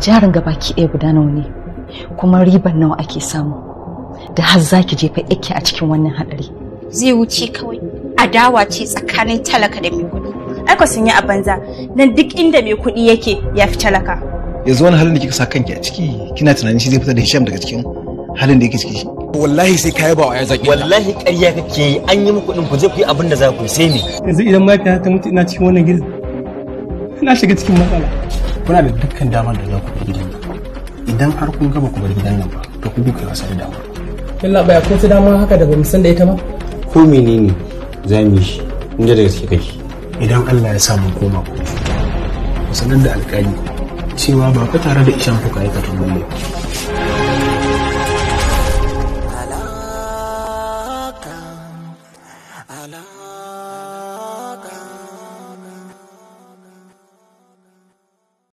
jarin gaba ki ɗaya guda nawa ne kuma riban nawa ake samu da har za ki jefa yake a cikin wannan haɗari zai wuce kawai adawa ce tsakanin talaka da mai kuɗi aiko sun yi a banza nan duk inda mai kuɗi yake ya fi talaka yanzu wani halin da kika sa kanki a ciki kina tunanin shi zai fitar da hisham daga cikin halin da yake ciki wallahi sai kayi bawa ya zaki wallahi ƙarya kake yi an yi muku ku je ku yi abin da za ku sai ne yanzu idan mahaifiyata ta mutu ina cikin wannan gidan ina shiga cikin matsala kuna da dukkan damar da za ku gidan nan idan har kun gama ku bar gidan nan ba to ku duka wasa da damar illa baya ko ta dama haka da bamu san da ita ba ko menene za mu yi shi inda da gaske kai idan Allah ya sa mun koma ku sanar da alƙali cewa ba ku tare da ishan fuka aikata ne